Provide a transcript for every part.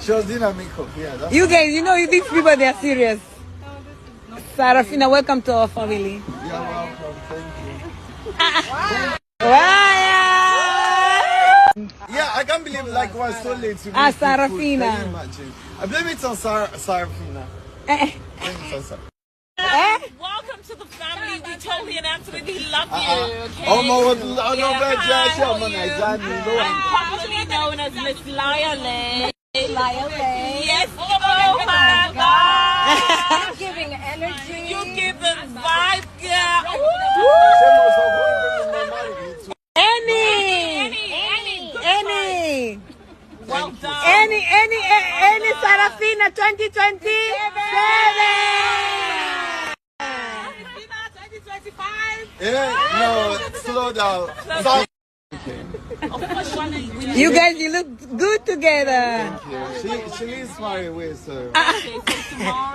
she was doing yeah. You guys, you know, these people, they are serious. No, Sarafina, welcome to our family. Yeah, welcome. Thank you. wow. Yeah, I can't believe like we're so late to Ah, Sarafina. I blame it on Sar Sarafina. Eh. eh? Welcome to the family. We told and absolutely love you. Uh-uh. Okay. Oh my God, Oh my God! Yeah, I'm a Nigerian. I'm popularly Lyle. Yes. Oh my oh God. You're giving energy. You give the vibe, girl. Annie. Annie. Annie. Well done. Annie, Annie, Annie, Sarafina 2027. Yeah, no, slow down. Slow down. Okay. you guys, you look good together. Thank you. She, she my way, sir.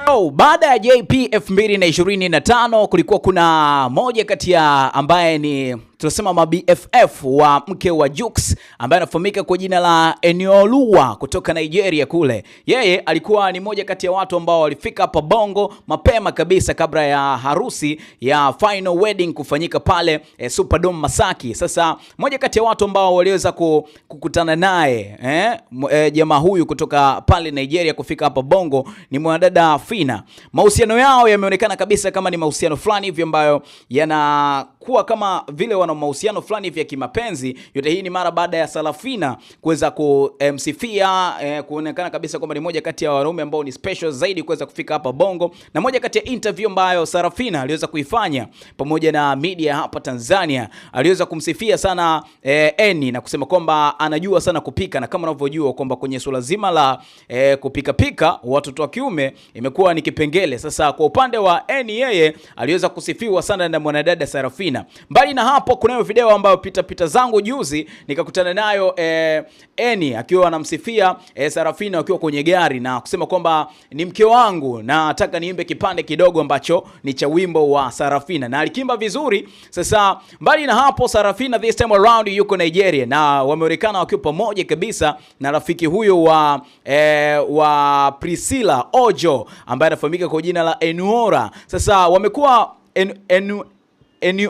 Oh, baada ya JP 2025 kulikuwa kuna moja kati ya ambaye ni tunasema mabff wa mke wa Jux ambaye anafahamika kwa jina la Eniolua kutoka Nigeria kule. Yeye alikuwa ni moja kati ya watu ambao walifika hapa Bongo mapema kabisa kabla ya harusi ya final wedding kufanyika pale eh, Superdome Masaki. Sasa moja kati ya watu ambao waliweza kukutana naye eh, eh, jamaa huyu kutoka pale Nigeria kufika hapa Bongo ni mwanadada Fina. Mahusiano yao yameonekana kabisa kama ni mahusiano fulani hivi ambayo yanakuwa kama vile wakiwa na mahusiano fulani vya kimapenzi. Yote hii ni mara baada ya Sarafina kuweza kumsifia eh, kuonekana kabisa kwamba ni moja kati ya wanaume ambao ni special zaidi kuweza kufika hapa Bongo, na moja kati ya interview ambayo Sarafina aliweza kuifanya pamoja na media hapa Tanzania, aliweza kumsifia sana eh, Eni na kusema kwamba anajua sana kupika, na kama unavyojua kwamba kwenye swala zima la eh, kupika pika watoto wa kiume imekuwa ni kipengele. Sasa kwa upande wa Eni, yeye aliweza kusifiwa sana na mwanadada Sarafina. Mbali na hapo hapo kunayo video ambayo pita pita zangu juzi nikakutana nayo eh, Eni akiwa anamsifia eh, Sarafina akiwa kwenye gari na kusema kwamba ni mke wangu na nataka niimbe kipande kidogo ambacho ni cha wimbo wa Sarafina na alikimba vizuri. Sasa mbali na hapo, Sarafina this time around yuko Nigeria na wameonekana wakiwa pamoja kabisa na rafiki huyo wa eh, wa Priscilla Ojo ambaye anafahamika kwa jina la Enuora. Sasa wamekuwa en, en,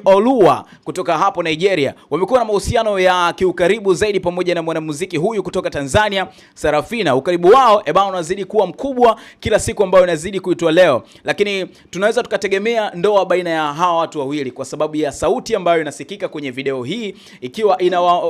Oluwa kutoka hapo Nigeria wamekuwa na mahusiano ya kiukaribu zaidi pamoja na mwanamuziki huyu kutoka Tanzania Sarafina. Ukaribu wao eba eh unazidi kuwa mkubwa kila siku ambayo inazidi kuitwa leo, lakini tunaweza tukategemea ndoa baina ya hawa watu wawili kwa sababu ya sauti ambayo inasikika kwenye video hii ikiwa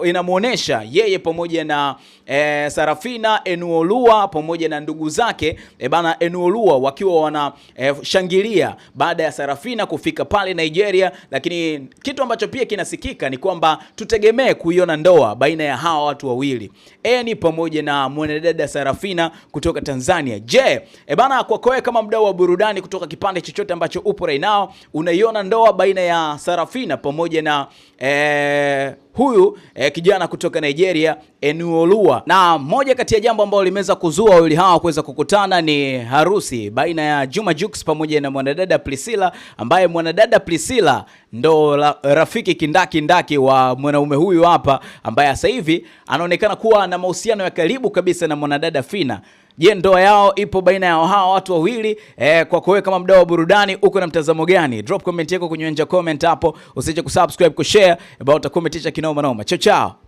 inamwonyesha yeye pamoja na e, Sarafina Enuolua pamoja na ndugu zake ebana eh Enuolua wakiwa wanashangilia e, baada ya Sarafina kufika pale Nigeria. Lakini kitu ambacho pia kinasikika ni kwamba tutegemee kuiona ndoa baina ya hawa watu wawili Eni ee pamoja na mwanadada Sarafina kutoka Tanzania. Je, e bana, kwako wewe kama mdau wa burudani kutoka kipande chochote ambacho upo right now, unaiona ndoa baina ya Sarafina pamoja na e, huyu eh, kijana kutoka Nigeria Enuolua. Na moja kati ya jambo ambalo limeweza kuzua wawili hawa kuweza kukutana ni harusi baina ya Juma Jux pamoja na mwanadada Priscilla, ambaye mwanadada Priscilla ndo la, rafiki kindakindaki wa mwanaume huyu hapa, ambaye sasa hivi anaonekana kuwa na mahusiano ya karibu kabisa na mwanadada Fina. Je, ndoa yao ipo baina ya hawa watu wawili eh? Kwa kuwe kama mdau wa burudani uko na mtazamo gani? Drop comment yako kwenye enja comment hapo, usije kusubscribe kushare bado a comment kinoma noma. Chao chao.